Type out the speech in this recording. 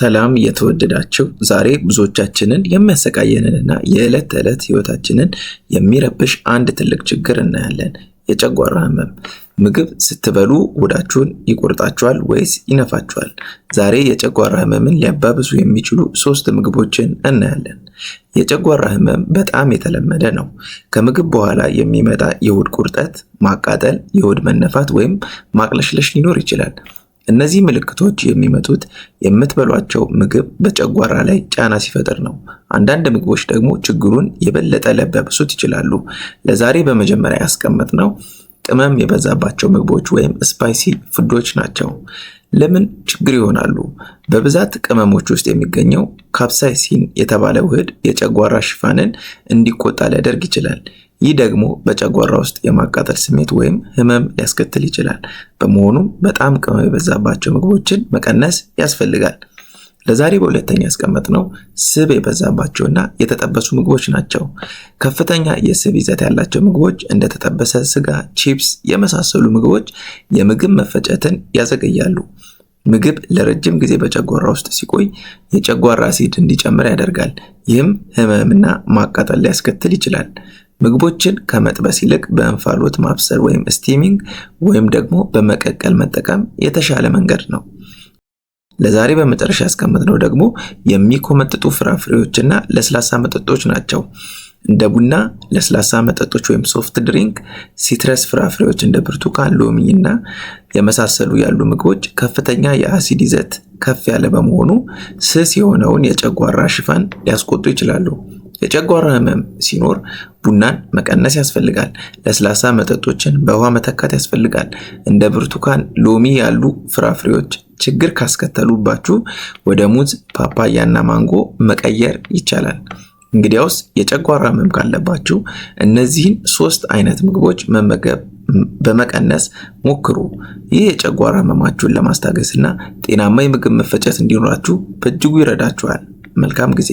ሰላም እየተወደዳቸው ዛሬ ብዙዎቻችንን የሚያሰቃየንንና የዕለት ተዕለት ህይወታችንን የሚረብሽ አንድ ትልቅ ችግር እናያለን፣ የጨጓራ ህመም። ምግብ ስትበሉ ሆዳችሁን ይቆርጣችኋል ወይስ ይነፋችኋል? ዛሬ የጨጓራ ህመምን ሊያባብሱ የሚችሉ ሶስት ምግቦችን እናያለን። የጨጓራ ህመም በጣም የተለመደ ነው። ከምግብ በኋላ የሚመጣ የሆድ ቁርጠት፣ ማቃጠል፣ የሆድ መነፋት ወይም ማቅለሽለሽ ሊኖር ይችላል። እነዚህ ምልክቶች የሚመጡት የምትበሏቸው ምግብ በጨጓራ ላይ ጫና ሲፈጥር ነው። አንዳንድ ምግቦች ደግሞ ችግሩን የበለጠ ሊያባብሱት ይችላሉ። ለዛሬ በመጀመሪያ ነው። ቅመም የበዛባቸው ምግቦች ወይም ስፓይሲ ፉዶች ናቸው። ለምን ችግር ይሆናሉ? በብዛት ቅመሞች ውስጥ የሚገኘው ካፕሳይሲን የተባለ ውህድ የጨጓራ ሽፋንን እንዲቆጣ ሊያደርግ ይችላል። ይህ ደግሞ በጨጓራ ውስጥ የማቃጠል ስሜት ወይም ህመም ሊያስከትል ይችላል። በመሆኑም በጣም ቅመም የበዛባቸው ምግቦችን መቀነስ ያስፈልጋል። ለዛሬ በሁለተኛ ያስቀመጥ ነው ስብ የበዛባቸውና የተጠበሱ ምግቦች ናቸው። ከፍተኛ የስብ ይዘት ያላቸው ምግቦች እንደ ተጠበሰ ስጋ፣ ቺፕስ የመሳሰሉ ምግቦች የምግብ መፈጨትን ያዘገያሉ። ምግብ ለረጅም ጊዜ በጨጓራ ውስጥ ሲቆይ የጨጓራ አሲድ እንዲጨምር ያደርጋል። ይህም ህመምና ማቃጠል ሊያስከትል ይችላል። ምግቦችን ከመጥበስ ይልቅ በእንፋሎት ማብሰል ወይም ስቲሚንግ ወይም ደግሞ በመቀቀል መጠቀም የተሻለ መንገድ ነው። ለዛሬ በመጨረሻ ያስቀመጥነው ደግሞ የሚኮመጥጡ ፍራፍሬዎችና ለስላሳ መጠጦች ናቸው። እንደ ቡና፣ ለስላሳ መጠጦች ወይም ሶፍት ድሪንክ፣ ሲትረስ ፍራፍሬዎች እንደ ብርቱካን፣ ሎሚ እና የመሳሰሉ ያሉ ምግቦች ከፍተኛ የአሲድ ይዘት ከፍ ያለ በመሆኑ ስስ የሆነውን የጨጓራ ሽፋን ሊያስቆጡ ይችላሉ። የጨጓራ ህመም ሲኖር ቡናን መቀነስ ያስፈልጋል። ለስላሳ መጠጦችን በውሃ መተካት ያስፈልጋል። እንደ ብርቱካን፣ ሎሚ ያሉ ፍራፍሬዎች ችግር ካስከተሉባችሁ ወደ ሙዝ፣ ፓፓያና ማንጎ መቀየር ይቻላል። እንግዲያውስ የጨጓራ ህመም ካለባችሁ እነዚህን ሶስት አይነት ምግቦች መመገብ በመቀነስ ሞክሩ። ይህ የጨጓራ ህመማችሁን ለማስታገስና ጤናማ የምግብ መፈጨት እንዲኖራችሁ በእጅጉ ይረዳችኋል። መልካም ጊዜ